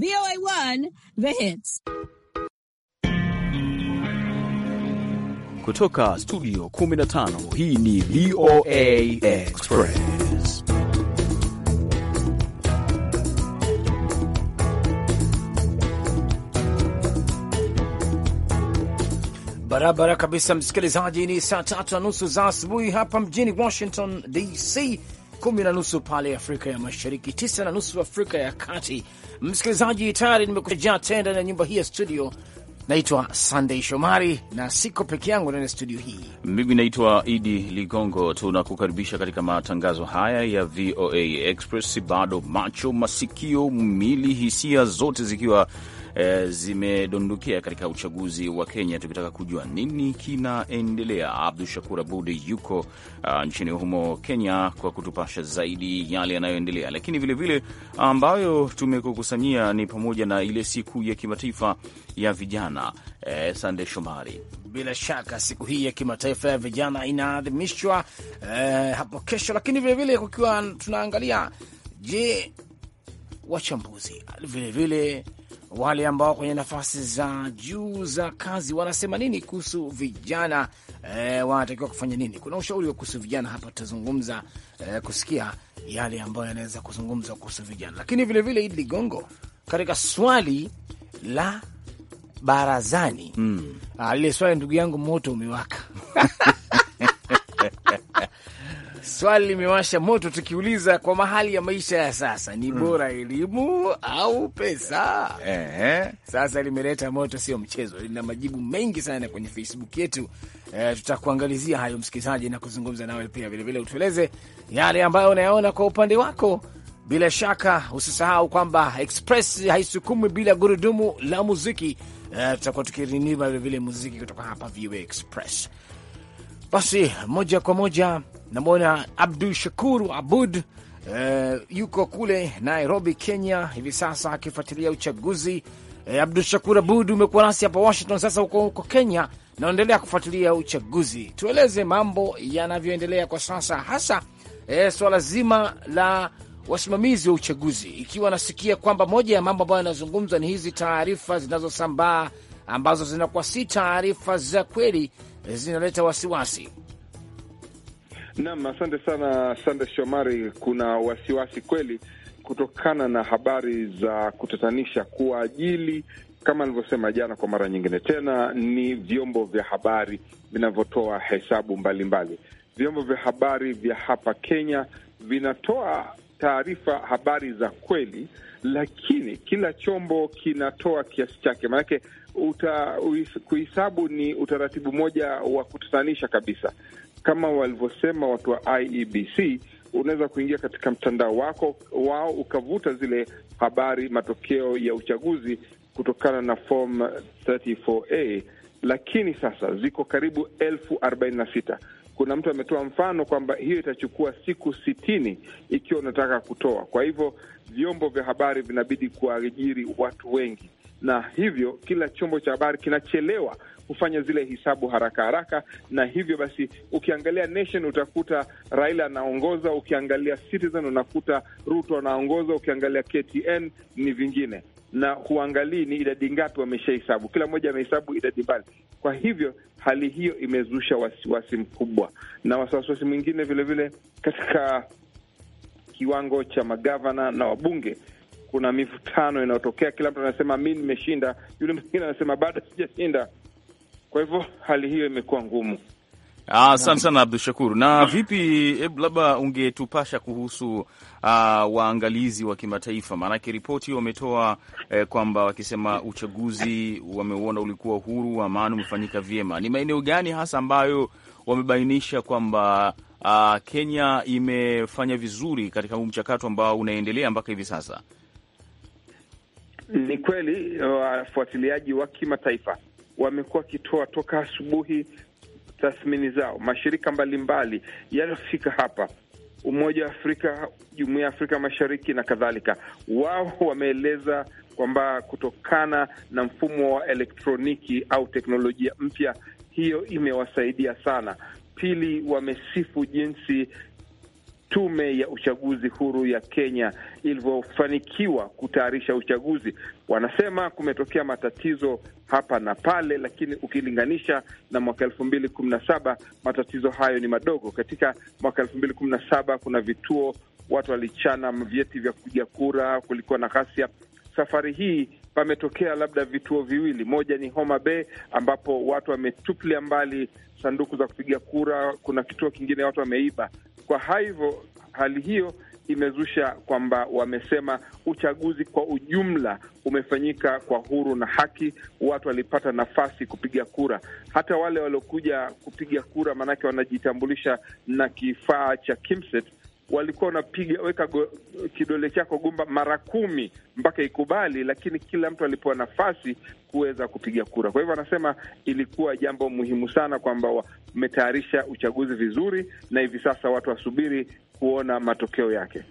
VOA1 The Hits. Kutoka studio 15 hii ni VOA Express. Barabara kabisa, msikilizaji, ni saa tatu na nusu za asubuhi hapa mjini Washington DC kumi na nusu pale Afrika ya Mashariki, tisa na nusu Afrika ya Kati. Msikilizaji, tayari nimekuja tenda na nyumba hii ya studio Naitwa Sunday Shomari na siko peke yangu ndani ya studio hii. Mimi naitwa Idi Ligongo. Tunakukaribisha katika matangazo haya ya VOA Express, bado macho, masikio, mili, hisia zote zikiwa zimedondokea eh, zimedondokia katika uchaguzi wa Kenya, tukitaka kujua nini kinaendelea. Abdu Shakur abud yuko ah, nchini humo Kenya kwa kutupasha zaidi yale yanayoendelea, lakini vilevile ambayo tumekukusanyia ni pamoja na ile siku ya kimataifa ya vijana. E, Sande Shomari, bila shaka siku hii ya kimataifa ya vijana inaadhimishwa e, hapo kesho, lakini vilevile kukiwa tunaangalia, je, wachambuzi vilevile wale ambao kwenye nafasi za juu za kazi wanasema nini kuhusu vijana e, wanatakiwa kufanya nini? Kuna ushauri wa kuhusu vijana hapa, tutazungumza e, kusikia yale ambayo yanaweza kuzungumzwa kuhusu vijana, lakini vilevile Idi Ligongo katika swali la barazani mm. Ah, lile swali ndugu yangu, moto umewaka Swali limewasha moto, tukiuliza kwa mahali ya maisha ya sasa ni hmm. bora mm, elimu au pesa? eh. sasa limeleta moto, sio mchezo. Lina majibu mengi sana kwenye Facebook yetu. Eh, tutakuangalizia hayo msikilizaji, na kuzungumza nawe pia vilevile, utueleze yale ambayo unayaona kwa upande wako. Bila shaka usisahau kwamba Express haisukumi bila gurudumu la muziki. E, tutakuwa tukirinima vilevile muziki kutoka hapa VOA Express. Basi moja kwa moja namwona Abdu Shakur Abud e, yuko kule Nairobi, Kenya hivi sasa akifuatilia uchaguzi. E, eh, Abdu Shakur Abud, umekuwa nasi hapa Washington, sasa uko huko Kenya naendelea kufuatilia uchaguzi. Tueleze mambo yanavyoendelea kwa sasa, hasa e, swala zima la wasimamizi wa uchaguzi, ikiwa nasikia kwamba moja ya mambo ambayo yanazungumzwa ni hizi taarifa zinazosambaa ambazo zinakuwa si taarifa za kweli zinaleta wasiwasi. Naam, asante sana Sande Shomari. Kuna wasiwasi kweli kutokana na habari za kutatanisha kuwa ajili kama alivyosema jana, kwa mara nyingine tena, ni vyombo vya habari vinavyotoa hesabu mbalimbali. Vyombo vya habari vya hapa Kenya vinatoa taarifa, habari za kweli, lakini kila chombo kinatoa kiasi chake. Maanake kuhesabu ni utaratibu mmoja wa kutatanisha kabisa. Kama walivyosema watu wa IEBC, unaweza kuingia katika mtandao wako wao ukavuta zile habari, matokeo ya uchaguzi kutokana na form 34A, lakini sasa ziko karibu elfu arobaini na sita. Kuna mtu ametoa mfano kwamba hiyo itachukua siku sitini ikiwa unataka kutoa. Kwa hivyo vyombo vya habari vinabidi kuajiri watu wengi na hivyo kila chombo cha habari kinachelewa kufanya zile hisabu haraka haraka, na hivyo basi, ukiangalia Nation utakuta Raila anaongoza, ukiangalia Citizen unakuta Ruto anaongoza, ukiangalia KTN ni vingine, na huangalii ni idadi ngapi wameshahesabu. Kila mmoja amehesabu idadi mbali. Kwa hivyo hali hiyo imezusha wasiwasi mkubwa na wasiwasi mwingine vilevile katika kiwango cha magavana na wabunge kuna mivutano inayotokea, kila mtu anasema mi nimeshinda, yule mwingine anasema bado sijashinda. Kwa hivyo hali hiyo imekuwa ngumu. Ah, asante sana Abdu Shakur. Na vipi, hebu labda ungetupasha kuhusu uh, waangalizi wa kimataifa, maanake ripoti wametoa eh, kwamba wakisema uchaguzi wameuona ulikuwa huru, amani, umefanyika vyema. Ni maeneo gani hasa ambayo wamebainisha kwamba uh, Kenya imefanya vizuri katika huu mchakato ambao unaendelea mpaka hivi sasa? Ni kweli uh, wafuatiliaji wa kimataifa wamekuwa wakitoa toka asubuhi tathmini zao, mashirika mbalimbali yaliyofika hapa, Umoja wa Afrika, Jumuiya ya Afrika Mashariki na kadhalika, wao wameeleza kwamba kutokana na mfumo wa elektroniki au teknolojia mpya, hiyo imewasaidia sana. Pili, wamesifu jinsi tume ya uchaguzi huru ya Kenya ilivyofanikiwa kutayarisha uchaguzi. Wanasema kumetokea matatizo hapa na pale, lakini ukilinganisha na mwaka elfu mbili kumi na saba matatizo hayo ni madogo. Katika mwaka elfu mbili kumi na saba kuna vituo watu walichana vyeti vya kupiga kura, kulikuwa na ghasia. Safari hii pametokea labda vituo viwili, moja ni Homa Bay ambapo watu wametuplia mbali sanduku za kupiga kura. Kuna kituo kingine watu wameiba kwa hivyo hali hiyo imezusha kwamba wamesema uchaguzi kwa ujumla umefanyika kwa huru na haki. Watu walipata nafasi kupiga kura, hata wale waliokuja kupiga kura, maanake wanajitambulisha na kifaa cha KIMSET walikuwa wanapiga weka go, kidole chako gumba mara kumi mpaka ikubali, lakini kila mtu alipewa nafasi kuweza kupiga kura. Kwa hivyo anasema ilikuwa jambo muhimu sana kwamba wametayarisha uchaguzi vizuri, na hivi sasa watu wasubiri kuona matokeo yake.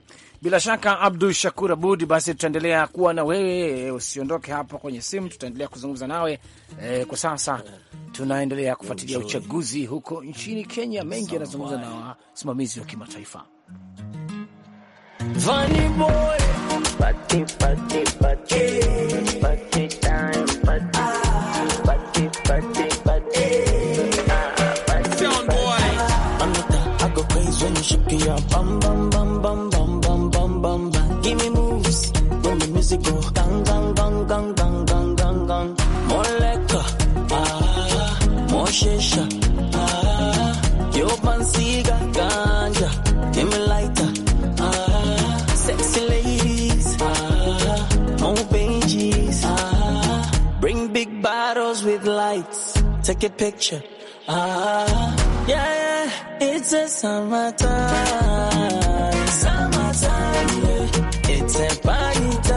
Bila shaka, Abdu Shakur Abud, basi tutaendelea kuwa na wewe, usiondoke hapo kwenye simu, tutaendelea kuzungumza nawe. E, kwa sasa tunaendelea kufuatilia uchaguzi huko nchini Kenya. Mengi yanazungumza na wasimamizi wa kimataifa. Shake your bum bum bum bum bum bum bum bum bum. Give me moves when the music go gang gang gang gang gang gang gang gang. More liquor, ah, more shisha, ah. Yo fancy got ganja, give me lighter, ah. Sexy ladies, ah, more pages, ah. Bring big bottles with lights, take a picture, ah, yeah. It's a summertime, summertime. Yeah. It's a party.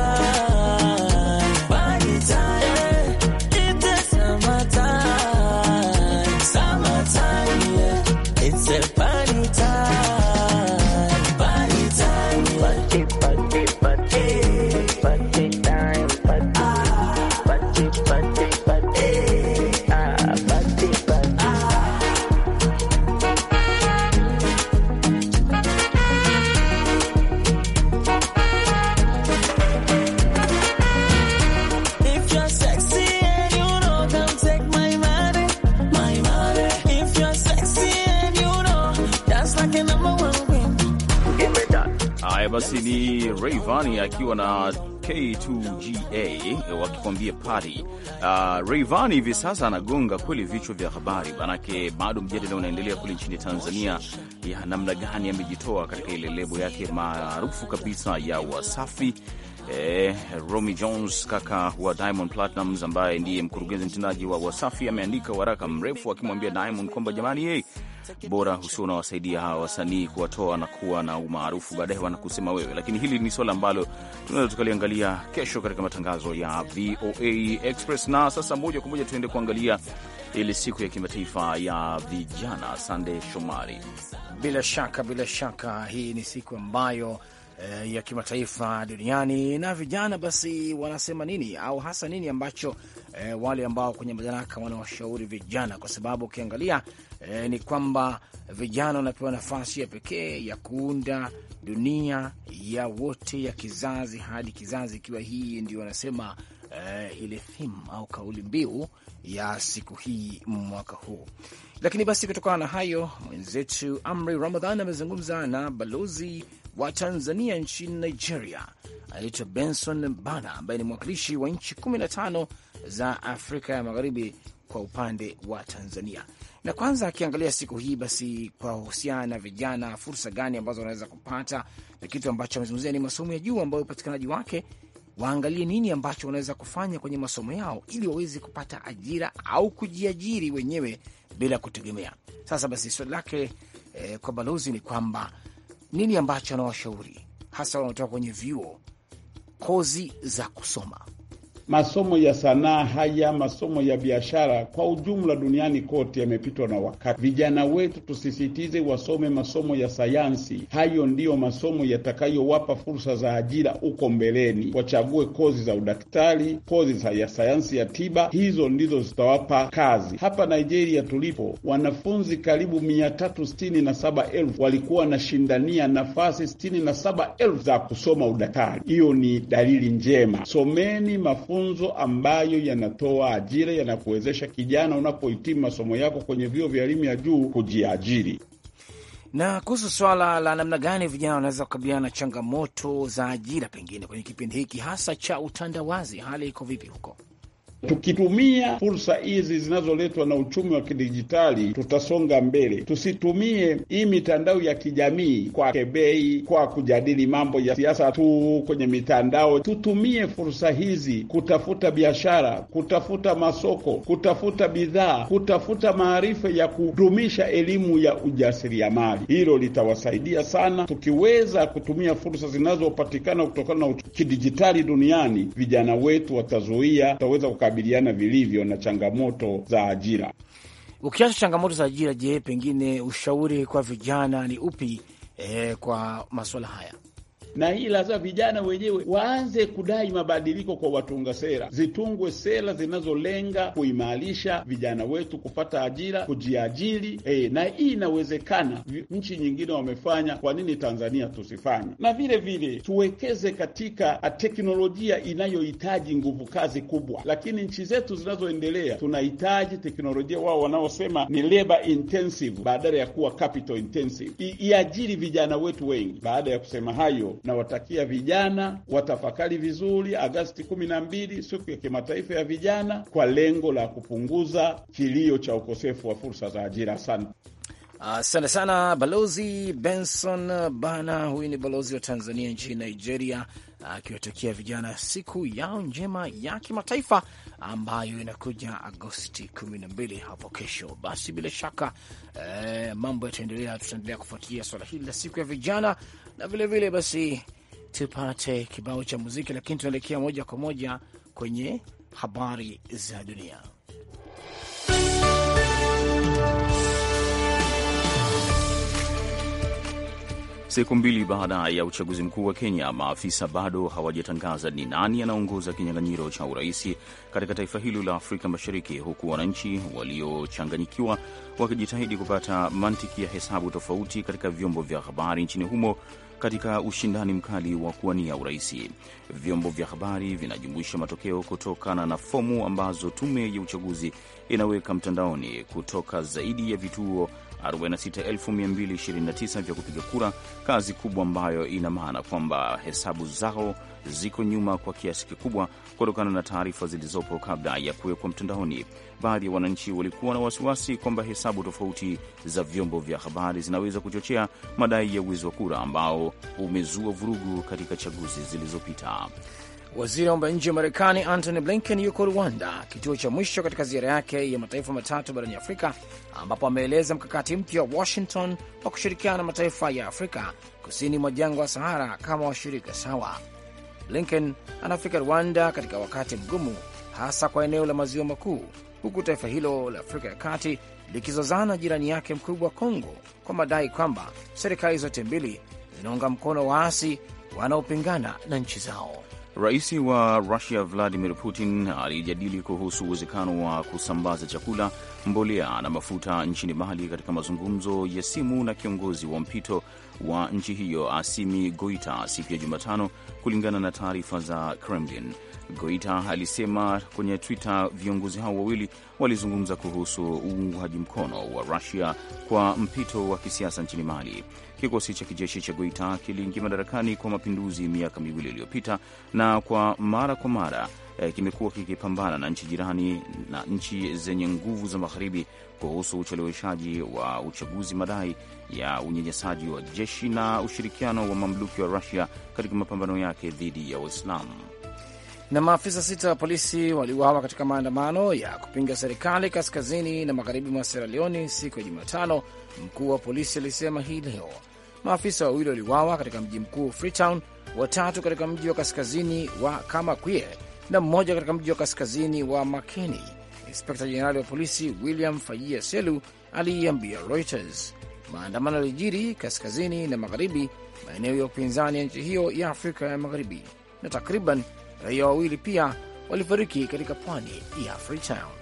basi ni Rayvanny akiwa na K2GA eh, wakikwambia party. Uh, Rayvanny hivi sasa anagonga kweli vichwa vya habari, manake bado mjadala unaendelea kule nchini Tanzania ya namna gani amejitoa katika ile lebo yake maarufu kabisa ya Wasafi eh, Romy Jones kaka wa Diamond Platnumz ambaye ndiye mkurugenzi mtendaji wa Wasafi ameandika waraka mrefu akimwambia Diamond kwamba jamani, hey, eh, bora husio unawasaidia hawa wasanii kuwatoa na kuwa na umaarufu, baadaye wanakusema wewe. Lakini hili ni swala ambalo tunaweza tukaliangalia kesho katika matangazo ya VOA Express. Na sasa moja kwa moja tuende kuangalia ile siku ya kimataifa ya vijana. Sande Shomari, bila shaka bila shaka, hii ni siku ambayo Eh, ya kimataifa duniani na vijana basi wanasema nini au hasa nini ambacho e, wale ambao kwenye madaraka wanawashauri vijana, kwa sababu ukiangalia e, ni kwamba vijana wanapewa nafasi ya pekee ya kuunda dunia ya wote ya kizazi hadi kizazi, ikiwa hii ndio wanasema e, ile theme au kauli mbiu ya siku hii mwaka huu. Lakini basi kutokana na hayo, mwenzetu Amri Ramadhan amezungumza na balozi wa Tanzania nchini Nigeria anaitwa Benson Bana, ambaye ni mwakilishi wa nchi 15 za Afrika ya Magharibi kwa upande wa Tanzania. Na kwanza akiangalia siku hii basi, kwa husiana na vijana, fursa gani ambazo wanaweza kupata, na kitu ambacho amezungumzia ni masomo ya juu ambayo upatikanaji wake, waangalie nini ambacho wanaweza kufanya kwenye masomo yao ili waweze kupata ajira au kujiajiri wenyewe bila kutegemea. Sasa basi swali lake eh, kwa balozi ni kwamba nini ambacho anawashauri hasa wanaotoka kwenye vyuo, kozi za kusoma? masomo ya sanaa haya masomo ya biashara kwa ujumla duniani kote yamepitwa na wakati. Vijana wetu tusisitize wasome masomo ya sayansi, hayo ndiyo masomo yatakayowapa fursa za ajira huko mbeleni. Wachague kozi za udaktari, kozi ya sayansi ya tiba, hizo ndizo zitawapa kazi. Hapa Nigeria tulipo, wanafunzi karibu mia tatu sitini na saba elfu walikuwa wanashindania nafasi sitini na saba elfu za kusoma udaktari. Hiyo ni dalili njema. Someni mafunzo mafunzo ambayo yanatoa ajira, yanakuwezesha kijana unapohitimu masomo yako kwenye vyuo vya elimu ya juu kujiajiri. Na kuhusu swala la namna gani vijana wanaweza kukabiliana na changamoto za ajira, pengine kwenye kipindi hiki hasa cha utandawazi, hali iko vipi huko? Tukitumia fursa hizi zinazoletwa na uchumi wa kidijitali tutasonga mbele. Tusitumie hii mitandao ya kijamii kwa kebei, kwa kujadili mambo ya siasa tu kwenye mitandao. Tutumie fursa hizi kutafuta biashara, kutafuta masoko, kutafuta bidhaa, kutafuta maarifa ya kudumisha elimu ya ujasiriamali. Hilo litawasaidia sana. Tukiweza kutumia fursa zinazopatikana kutokana na kidijitali duniani, vijana wetu watazuia, tutaweza kukabiliana vilivyo na changamoto za ajira. Ukiacha changamoto za ajira, je, pengine ushauri kwa vijana ni upi eh, kwa masuala haya? na hii lazima vijana wenyewe waanze kudai mabadiliko kwa watunga sera, zitungwe sera zinazolenga kuimarisha vijana wetu kupata ajira, kujiajiri. E, na hii inawezekana, nchi nyingine wamefanya, kwa nini Tanzania tusifanye? Na vile vile tuwekeze katika teknolojia inayohitaji nguvu kazi kubwa, lakini nchi zetu zinazoendelea tunahitaji teknolojia wao wanaosema ni labor intensive badala ya kuwa capital intensive, iajiri vijana wetu wengi. Baada ya kusema hayo Nawatakia vijana watafakari vizuri Agasti kumi na mbili, siku ya kimataifa ya vijana, kwa lengo la kupunguza kilio cha ukosefu wa fursa za ajira. Asante. Asante sana Balozi Benson Bana. Huyu ni balozi wa Tanzania nchini Nigeria, akiwatakia uh, vijana siku yao njema ya kimataifa ambayo inakuja Agosti 12 hapo kesho. Basi bila shaka uh, mambo yataendelea, tutaendelea kufuatilia swala hili la siku ya vijana na vilevile vile basi tupate kibao cha muziki, lakini tunaelekea moja kwa moja kwenye habari za dunia. Siku mbili baada ya uchaguzi mkuu wa Kenya, maafisa bado hawajatangaza ni nani anaongoza kinyang'anyiro cha uraisi katika taifa hilo la Afrika Mashariki, huku wananchi waliochanganyikiwa wakijitahidi kupata mantiki ya hesabu tofauti katika vyombo vya habari nchini humo katika ushindani mkali wa kuwania uraisi. Vyombo vya habari vinajumuisha matokeo kutokana na fomu ambazo tume ya uchaguzi inaweka mtandaoni kutoka zaidi ya vituo 46229 vya kupiga kura, kazi kubwa ambayo ina maana kwamba hesabu zao ziko nyuma kwa kiasi kikubwa kutokana na taarifa zilizopo kabla ya kuwekwa mtandaoni. Baadhi ya wananchi walikuwa na wasiwasi kwamba hesabu tofauti za vyombo vya habari zinaweza kuchochea madai ya wizi wa kura ambao umezua vurugu katika chaguzi zilizopita. Waziri wa mambo ya nje wa Marekani Antony Blinken yuko Rwanda, kituo cha mwisho katika ziara yake ya mataifa matatu barani Afrika, ambapo ameeleza mkakati mpya wa Washington wa kushirikiana na mataifa ya Afrika kusini mwa jangwa wa Sahara kama washirika sawa. Blinken anafika Rwanda katika wakati mgumu, hasa kwa eneo la maziwa makuu, huku taifa hilo la Afrika ya kati likizozana jirani yake mkubwa Kongo kwa madai kwamba serikali zote mbili zinaunga mkono waasi wanaopingana na nchi zao. Rais wa Rusia Vladimir Putin alijadili kuhusu uwezekano wa kusambaza chakula, mbolea na mafuta nchini Mali katika mazungumzo ya simu na kiongozi wa mpito wa nchi hiyo Asimi Goita siku ya Jumatano, kulingana na taarifa za Kremlin. Goita alisema kwenye Twitter viongozi hao wawili walizungumza kuhusu uungwaji mkono wa Rusia kwa mpito wa kisiasa nchini Mali. Kikosi cha kijeshi cha Goita kiliingia madarakani kwa mapinduzi miaka miwili iliyopita, na kwa mara kwa mara eh, kimekuwa kikipambana na nchi jirani na nchi zenye nguvu za magharibi kuhusu ucheleweshaji wa uchaguzi, madai ya unyenyesaji wa jeshi na ushirikiano wa mamluki wa Rusia katika mapambano yake dhidi ya Waislamu na maafisa sita wa polisi waliuawa katika maandamano ya kupinga serikali kaskazini na magharibi mwa Sierra Leone siku ya Jumatano, mkuu wa polisi alisema hii leo, Maafisa wawili waliuawa katika mji mkuu Freetown, watatu katika mji wa kaskazini wa Kamakwie na mmoja katika mji wa kaskazini wa Makeni. Inspekta Jenerali wa polisi William Fayia Selu aliiambia Reuters maandamano yalijiri kaskazini na magharibi, maeneo ya upinzani ya nchi hiyo ya Afrika ya Magharibi, na takriban raia wawili pia walifariki katika pwani ya Freetown.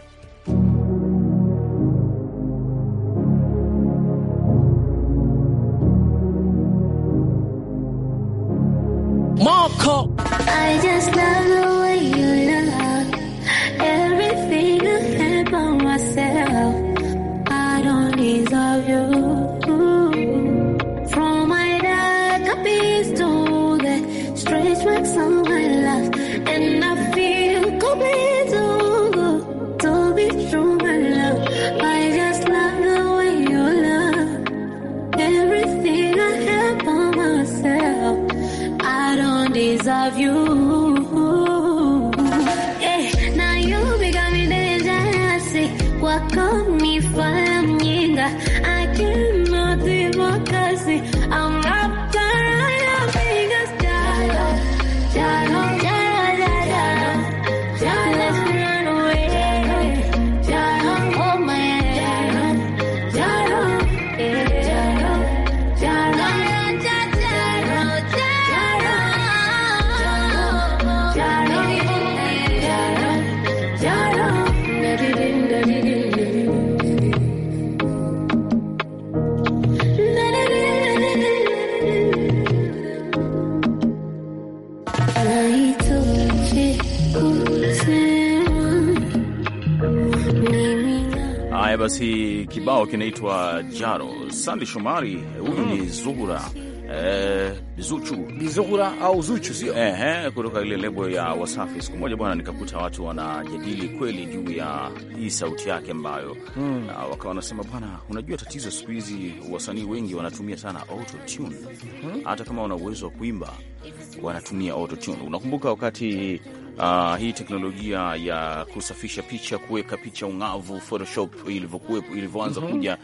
kinaitwa Jaro. Sandi Shomari, huyu ni mm. Zuhura eh, Bizuchu Bizuhura au Zuchu sio? kutoka ile lebo ya Wasafi. Siku moja bwana, nikakuta watu wanajadili kweli juu ya hii sauti yake ambayo hmm. wakawa wanasema bwana, unajua tatizo siku hizi wasanii wengi wanatumia sana autotune mm-hmm. hata hmm. kama wana uwezo wa kuimba wanatumia auto Unakumbuka wakati uh, hii teknolojia ya kusafisha picha, kuweka picha ung'avu, Photoshop ilivyokuwepo, ilivyoanza mm -hmm. kuja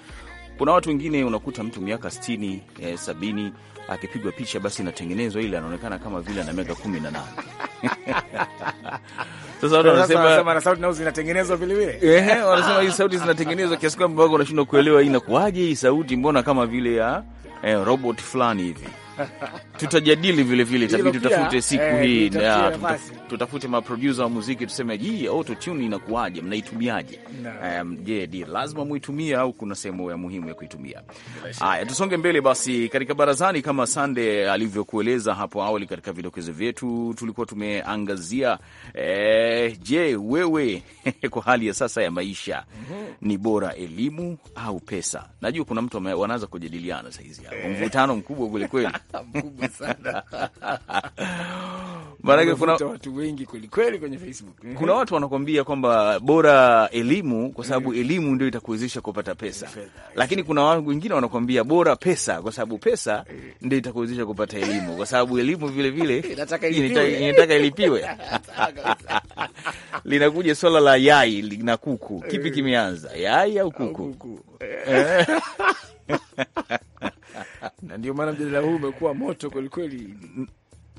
kuna watu wengine unakuta mtu miaka sitini eh, sabini akipigwa picha basi inatengenezwa ile anaonekana kama vile ana miaka kumi na nane. Sasa watu wanasema sauti zinatengenezwa ehe, wanasema sauti zinatengenezwa kiasi kwamba wako unashindwa kuelewa hii hii sauti, mbona kama vile ya eh, robot fulani hivi. tutajadili vile vile, itabidi tutafute siku eh, hii na tutafute maprodusa wa muziki tuseme, ji tune inakuwaje, mnaitumiaje? Um, je, di lazima muitumie au kuna sehemu ya muhimu ya kuitumia? Haya, tusonge mbele basi katika barazani. Kama Sande alivyokueleza hapo awali katika vidokezo vyetu, tulikuwa tumeangazia eh, je, wewe kwa hali ya sasa ya maisha mm -hmm. ni bora elimu au pesa? Najua kuna mtu wanaanza kujadiliana hizi hapo, eh. mvutano mkubwa kwelikweli mkubwa sana maanake kuna watu wengi kweli kweli kwenye Facebook. Kuna watu wanakwambia kwamba bora elimu, kwa sababu elimu ndio itakuwezesha kupata pesa, lakini kuna wengine wanakwambia bora pesa, kwa sababu pesa eh. ndio itakuwezesha kupata elimu, kwa sababu elimu vile vile inataka ilipiwe. Linakuja swala la yai na kuku, kipi eh. kimeanza, yai au kuku? Eh na ndio maana mjadala huu umekuwa moto kwelikweli.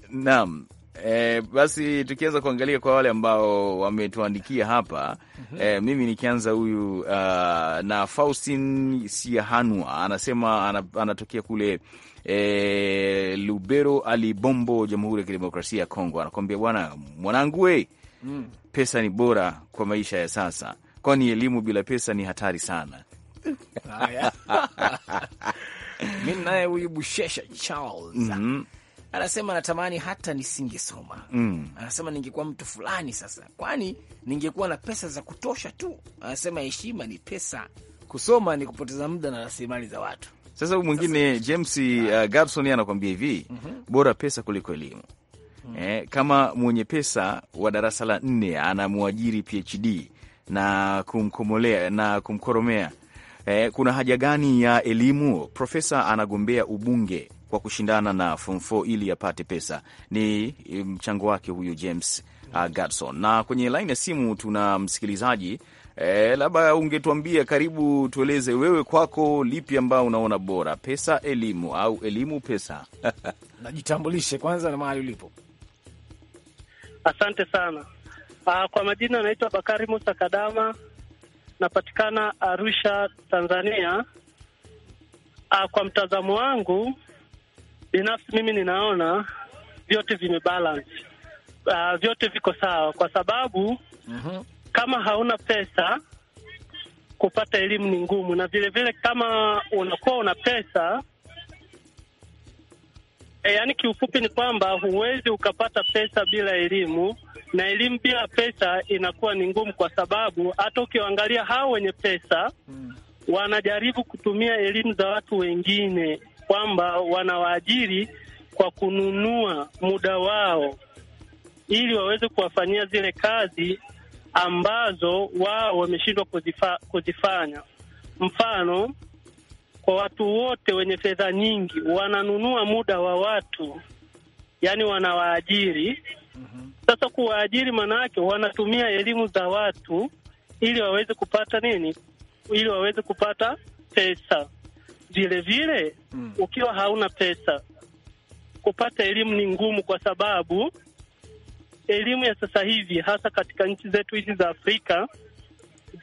Naam. E, basi tukianza kuangalia kwa wale ambao wametuandikia hapa mm -hmm. E, mimi nikianza huyu uh, na Faustin Siahanwa anasema anatokea kule e, Lubero Ali Bombo, Jamhuri ya Kidemokrasia ya Kongo. Anakwambia bwana mwanangu we mm. pesa ni bora kwa maisha ya sasa, kwani elimu bila pesa ni hatari sana mi naye huyu Bushesha Charles mm -hmm. anasema natamani hata nisingesoma mm. anasema ningekuwa mtu fulani sasa, kwani ningekuwa na pesa za kutosha tu. Anasema heshima ni pesa, kusoma ni kupoteza muda na rasilimali za watu. Sasa huyu mwingine James uh, Gabson anakuambia hivi mm -hmm. bora pesa kuliko elimu mm -hmm. eh, kama mwenye pesa wa darasa la nne anamwajiri PhD na kumkomolea na kumkoromea eh, kuna haja gani ya elimu? Profesa anagombea ubunge kwa kushindana na form 4 ili apate pesa. Ni eh, mchango wake huyu James uh, Gadson. Na kwenye laini ya simu tuna msikilizaji E, labda ungetuambia, karibu, tueleze wewe kwako lipi ambao unaona bora, pesa elimu au elimu pesa? Najitambulishe kwanza na mahali ulipo. Asante sana. Uh, kwa majina anaitwa Bakari Musa Kadama, napatikana Arusha, Tanzania. A, ah, kwa mtazamo wangu binafsi mimi ninaona vyote vimebalance, ah, vyote viko sawa kwa sababu uh-huh. Kama hauna pesa kupata elimu ni ngumu, na vile vile kama unakuwa una pesa e, yaani kiufupi ni kwamba huwezi ukapata pesa bila elimu na elimu bila pesa inakuwa ni ngumu, kwa sababu hata ukiangalia hao wenye pesa hmm, wanajaribu kutumia elimu za watu wengine, kwamba wanawaajiri kwa kununua muda wao ili waweze kuwafanyia zile kazi ambazo wao wameshindwa kuzifa, kuzifanya. Mfano, kwa watu wote wenye fedha nyingi wananunua muda wa watu, yani wanawaajiri mm -hmm. Sasa kuwaajiri, manake wanatumia elimu za watu ili waweze kupata nini, ili waweze kupata pesa vile vile. Mm. Ukiwa hauna pesa, kupata elimu ni ngumu, kwa sababu elimu ya sasa hivi hasa katika nchi zetu hizi za Afrika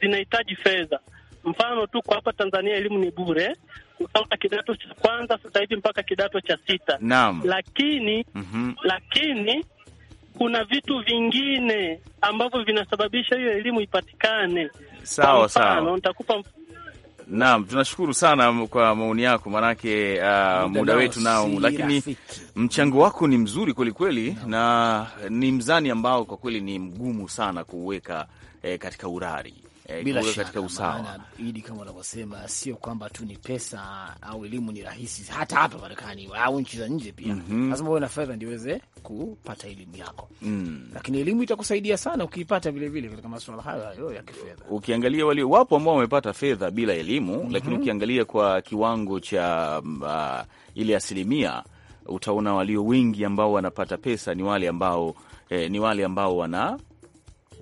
zinahitaji fedha. Mfano tu kwa hapa Tanzania elimu ni bure kutoka kidato cha kwanza sasa hivi mpaka kidato cha sita. Naam. Lakini mm -hmm. lakini kuna vitu vingine ambavyo vinasababisha hiyo elimu ipatikane. Sawa sawa, nitakupa Naam, tunashukuru sana kwa maoni yako, manake uh, muda wetu nao, lakini mchango wako ni mzuri kwelikweli, na ni mzani ambao kwa kweli ni mgumu sana kuweka eh, katika urari Eh, bila shaka katika usawa. Maana Idi, kama wanavyosema, sio kwamba tu ni pesa au elimu ni rahisi, hata hapa Marekani au nchi za nje pia mhm. lazima mm -hmm. uwe na fedha ndio uweze kupata elimu yako mm. Lakini elimu itakusaidia sana ukiipata vilevile katika masuala hayo hayo ya kifedha. Ukiangalia walio wapo ambao wamepata fedha bila elimu mm -hmm. lakini ukiangalia kwa kiwango cha uh, ile asilimia utaona walio wengi ambao wanapata pesa ni wale ambao eh, ni wale ambao wana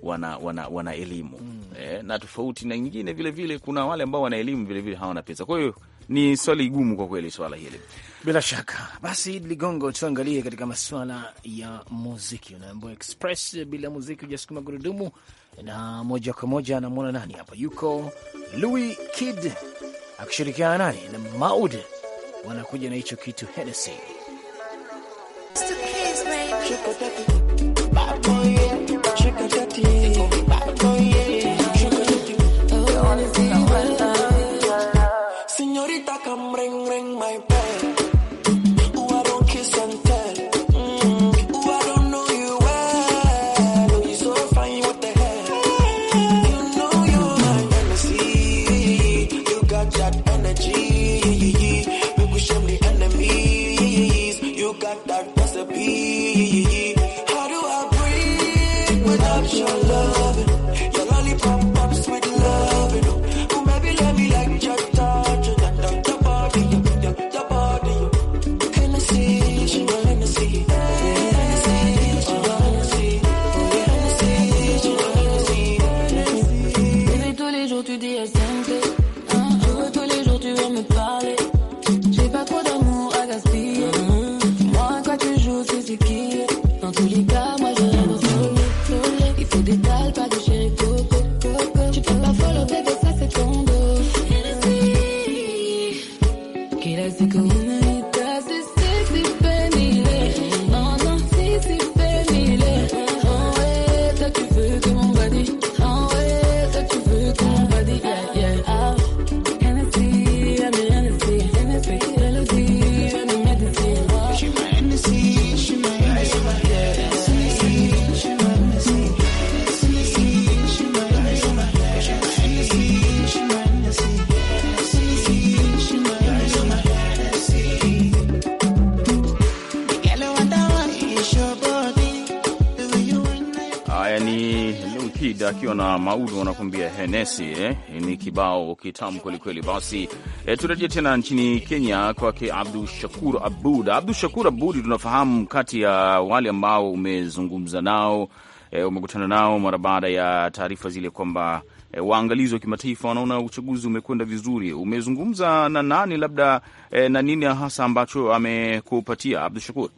wana, wana, wana elimu mm. Eh, na tofauti na nyingine vilevile kuna wale ambao wana elimu vilevile hawana pesa. Kwa hiyo ni swali gumu kwa kweli swala hili, bila shaka. Basi Idi Ligongo, tuangalie katika masuala ya muziki. Unaambiwa express bila muziki hujasukuma gurudumu, na moja kwa moja anamwona nani hapa? Yuko Louis Kid akishirikiana naye na Maud, wanakuja na hicho kitu Hennessy. Maulo wanakuambia Henesi eh, ni kibao kitamu kwelikweli. Basi eh, turejee tena nchini Kenya kwake Abdu Shakur Abud. Abdu Shakur Abud, tunafahamu kati ya wale ambao umezungumza nao eh, umekutana nao mara baada ya taarifa zile kwamba eh, waangalizi wa kimataifa wanaona uchaguzi umekwenda vizuri, umezungumza na nani labda eh, na nini hasa ambacho amekupatia Abdu Shakur?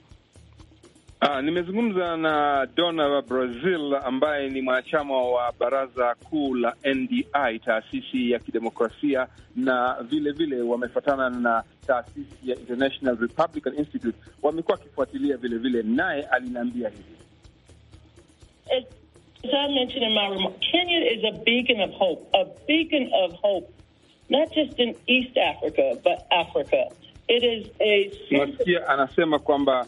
Ah, nimezungumza na Dona wa Brazil ambaye ni mwanachama wa baraza kuu la NDI, taasisi ya kidemokrasia, na vile vile wamefuatana na taasisi ya International Republican Institute, wamekuwa wakifuatilia vile vile, naye aliniambia hivi. As I mentioned in my remark, Kenya is a beacon of hope, a beacon of hope, not just in East Africa, but Africa. It is a... Nasikia anasema kwamba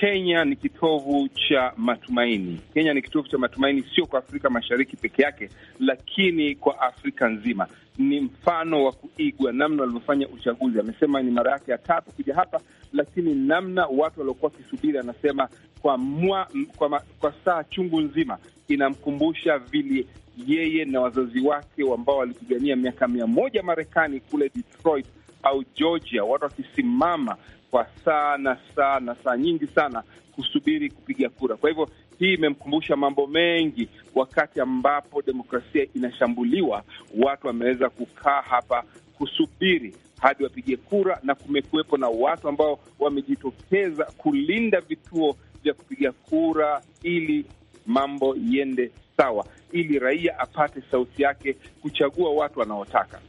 Kenya ni kitovu cha matumaini. Kenya ni kitovu cha matumaini, sio kwa Afrika Mashariki peke yake, lakini kwa Afrika nzima. Ni mfano wa kuigwa namna walivyofanya uchaguzi. Amesema ni mara yake ya tatu kuja hapa, lakini namna watu waliokuwa wakisubiri, anasema kwa, mwa, kwa, ma, kwa saa chungu nzima inamkumbusha vile yeye na wazazi wake ambao walipigania miaka mia moja Marekani kule Detroit au Georgia, watu wakisimama kwa saa na saa na saa nyingi sana kusubiri kupiga kura. Kwa hivyo hii imemkumbusha mambo mengi. Wakati ambapo demokrasia inashambuliwa, watu wameweza kukaa hapa kusubiri hadi wapige kura, na kumekuwepo na watu ambao wamejitokeza kulinda vituo vya kupiga kura ili mambo iende sawa, ili raia apate sauti yake kuchagua watu wanaotaka.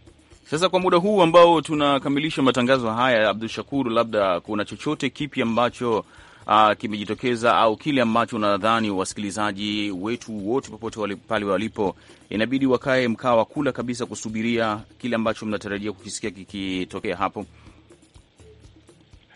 Sasa kwa muda huu ambao tunakamilisha matangazo haya, abdu Shakur, labda kuna chochote kipi ambacho uh, kimejitokeza au kile ambacho unadhani wasikilizaji wetu wote popote pale walipo inabidi wakae mkaa wa kula kabisa kusubiria kile ambacho mnatarajia kukisikia kikitokea hapo?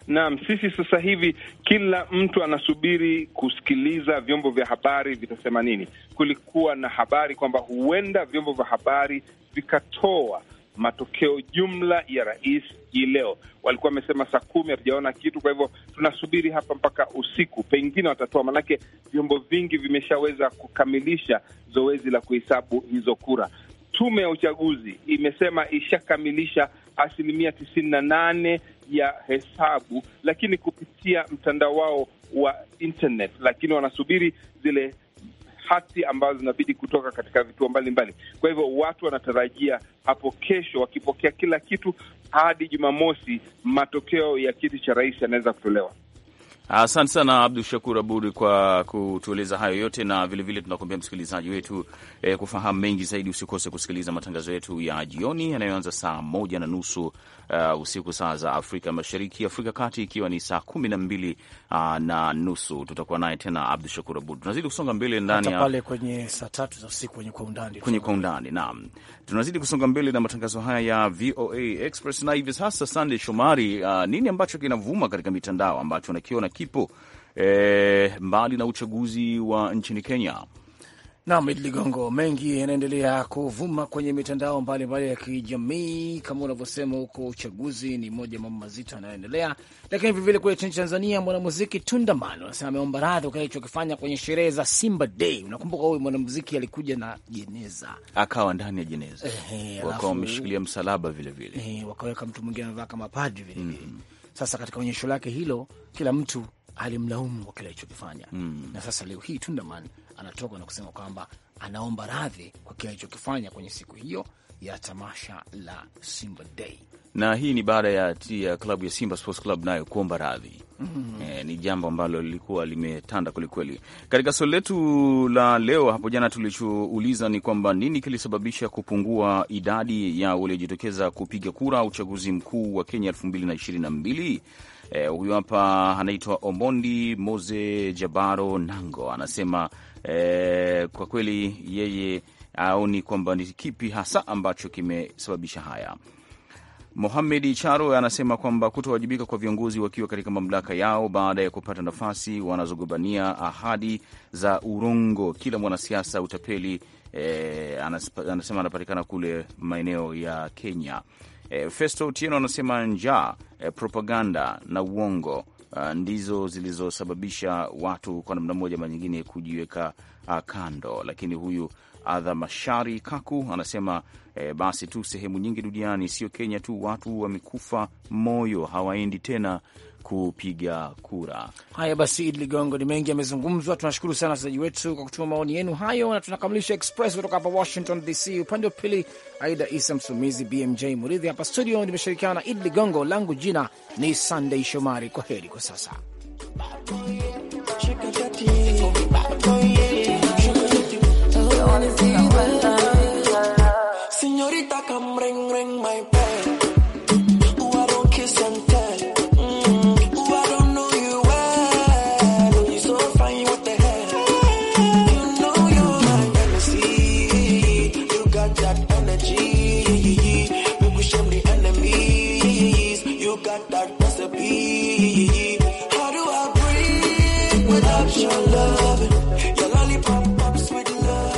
Naam, sisi sasa hivi kila mtu anasubiri kusikiliza vyombo vya habari vitasema nini. Kulikuwa na habari kwamba huenda vyombo vya habari vikatoa matokeo jumla ya rais hii leo. Walikuwa wamesema saa kumi, hatujaona kitu. Kwa hivyo tunasubiri hapa mpaka usiku, pengine watatoa, maanake vyombo vingi vimeshaweza kukamilisha zoezi la kuhesabu hizo kura. Tume ya uchaguzi imesema ishakamilisha asilimia tisini na nane ya hesabu, lakini kupitia mtandao wao wa internet, lakini wanasubiri zile hati ambazo zinabidi kutoka katika vituo mbalimbali. Kwa hivyo watu wanatarajia hapo kesho, wakipokea kila kitu hadi Jumamosi, matokeo ya kiti cha rais yanaweza kutolewa. Asante sana Abdu Shakur Abud kwa kutueleza hayo yote, na vilevile tunakuambia msikilizaji wetu eh, kufahamu mengi zaidi, usikose kusikiliza matangazo yetu ya jioni yanayoanza saa moja na nusu uh, usiku saa za Afrika Mashariki, Afrika Kati ikiwa ni saa kumi na mbili uh, na nusu. Tutakuwa naye tena Abdu Shakur Abud. Tunazidi kusonga mbele ndani pale kwenye saa tatu za usiku kwenye kwa undani, kwenye kwa undani. Naam, tunazidi kusonga mbele na matangazo haya ya VOA Express, na hivi sasa Sande Shomari, uh, nini ambacho kinavuma katika mitandao ambacho nakiona kipo e, mbali na uchaguzi wa nchini Kenya. Naam, Idi Ligongo, mengi yanaendelea kuvuma kwenye mitandao mbalimbali ya kijamii kama unavyosema huko, uchaguzi ni moja ya mambo mazito yanayoendelea, lakini vilevile kule nchini Tanzania mwanamuziki Tundaman anasema ameomba radhi kwa alichokifanya kwenye sherehe za Simba Day. Unakumbuka huyu mwanamuziki alikuja na jeneza, akawa ndani ya jeneza, wakawa wameshikilia msalaba vilevile, wakaweka mtu mwingine anavaa kama padri vilevile mm -hmm. Sasa katika onyesho lake hilo, kila mtu alimlaumu kwa kile alichokifanya mm. Na sasa leo hii Tundaman anatoka na kusema kwamba anaomba radhi kwa kile alichokifanya kwenye siku hiyo ya tamasha la Simba Day na hii ni baada ya, ya klabu ya Simba Sports Club nayo kuomba radhi. Mm -hmm. E, ni jambo ambalo lilikuwa limetanda kwelikweli katika swali letu la leo. Hapo jana tulichouliza ni kwamba nini kilisababisha kupungua idadi ya waliojitokeza kupiga kura uchaguzi mkuu wa Kenya elfu mbili na ishirini na mbili. E, huyu hapa anaitwa Omondi Mose Jabaro Nango anasema e, kwa kweli yeye aoni kwamba ni kipi hasa ambacho kimesababisha haya. Mohamed Charo anasema kwamba kutowajibika kwa viongozi wakiwa katika mamlaka yao baada ya kupata nafasi wanazogombania ahadi za urongo. Kila mwanasiasa utapeli, eh, anasema anapatikana kule maeneo ya Kenya. Eh, Festo tieno anasema njaa, eh, propaganda na uongo Uh, ndizo zilizosababisha watu kwa namna moja ama nyingine kujiweka uh, kando. Lakini huyu Adhamashari Kaku anasema e, basi tu sehemu nyingi duniani, sio Kenya tu, watu wamekufa moyo, hawaendi tena kupiga kura. Haya basi, Idi Ligongo, ni mengi yamezungumzwa. Tunashukuru sana wachezaji wetu kwa kutuma maoni yenu hayo, na tunakamilisha Express kutoka hapa Washington DC. Upande wa pili, Aida Isa msimamizi, BMJ Muridhi hapa studio, nimeshirikiana na Idi Ligongo, langu jina ni sandey Shomari. Kwa heri kwa sasa.